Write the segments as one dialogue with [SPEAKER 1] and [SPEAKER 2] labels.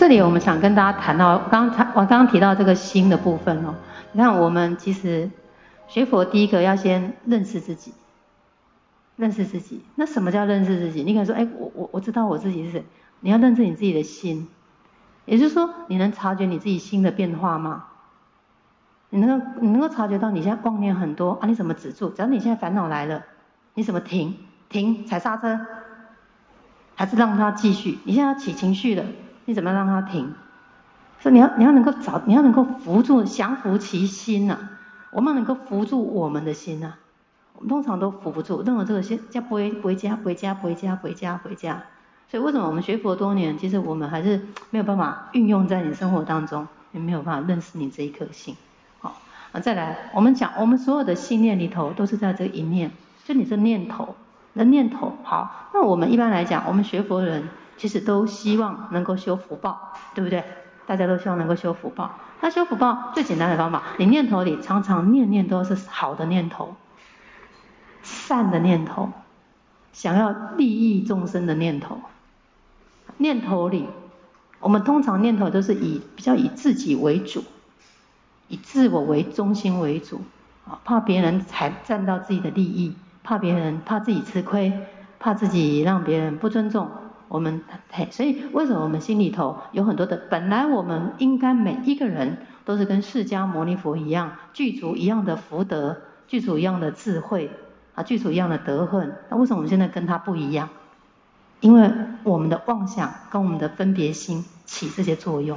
[SPEAKER 1] 這裡我們想跟大家談到剛，剛才我剛剛提到這個心的部分哦。你看，我們其實學佛第一個要先認識自己，認識自己。那什麼叫認識自己？你可能說，哎、欸，我我我知道我自己是誰。你要認識你自己的心，也就是說，你能察覺你自己心的變化嗎？你能夠你能夠察覺到你現在妄念很多啊？你怎麼止住？假如你現在煩惱來了，你怎麼停？停踩剎車？還是讓它繼續？你現在要起情緒了？你怎麼讓它停？說你要你要能夠找，你要能夠扶住，降伏其心吶、啊。我們能夠扶住我們的心吶、啊？我們通常都扶不住，任何這個心，叫回家回家回家回家回家回家。所以為什麼我們學佛多年，其實我們還是沒有辦法運用在你生活當中，也沒有辦法認識你這一顆心。好，再來，我們講我們所有的信念裡頭都是在這一念，就你這念頭，那念頭。好，那我們一般來講，我們學佛人。其實都希望能夠修福報，對不對？大家都希望能夠修福報。那修福報最簡單的方法，你念頭裡常常念念都是好的念頭、善的念頭，想要利益眾生的念頭。念頭裡，我們通常念頭都是以比較以自己為主，以自我為中心為主，啊，怕別人才佔到自己的利益，怕別人怕自己吃虧，怕自己讓別人不尊重。我們嘿，所以為什麼我們心裡頭有很多的？本來我們應該每一個人都是跟釋迦牟尼佛一樣，具足一樣的福德，具足一樣的智慧，啊，具足一樣的德恨，那為什麼我們現在跟他不一樣？因為我們的妄想跟我們的分別心起這些作用。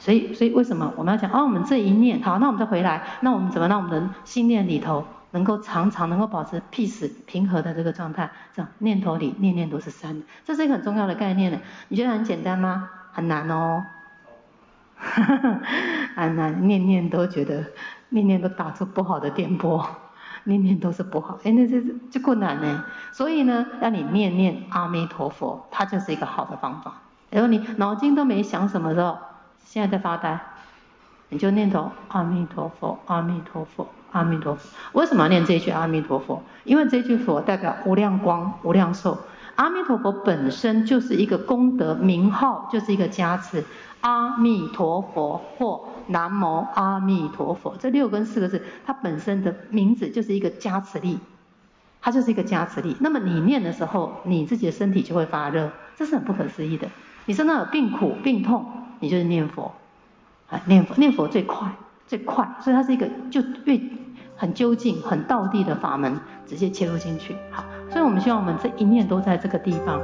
[SPEAKER 1] 所以，所以為什麼我們要講？哦、啊，我們這一念好，那我們再回來，那我們怎麼讓我們的心念裡頭？能夠常常能夠保持 peace 平和的這個狀態，這樣念頭裡念念都是善的，這是一個很重要的概念呢，你覺得很簡單嗎？很難哦。很 難，念念都覺得念念都打出不好的電波，念念都是不好，哎、欸、那這這不難呢、欸。所以呢，讓你念念阿彌陀佛，它就是一個好的方法。然、哎、後你腦筋都沒想什麼的時候，現在，在發呆。你就念頭阿彌陀佛，阿彌陀佛，阿彌陀佛。為什麼要念這一句阿彌陀佛？因為這句佛代表無量光、無量壽。阿彌陀佛本身就是一個功德名號，就是一個加持。阿彌陀佛或南無阿彌陀佛，這六跟四個字，它本身的名字就是一個加持力，它就是一個加持力。那麼你念的時候，你自己的身體就會發熱，這是很不可思議的。你身上有病苦、病痛，你就是念佛。啊，念佛念佛最快最快，所以它是一個就越很究竟、很道地的法門，直接切入進去。好，所以我們希望我們這一念都在這個地方。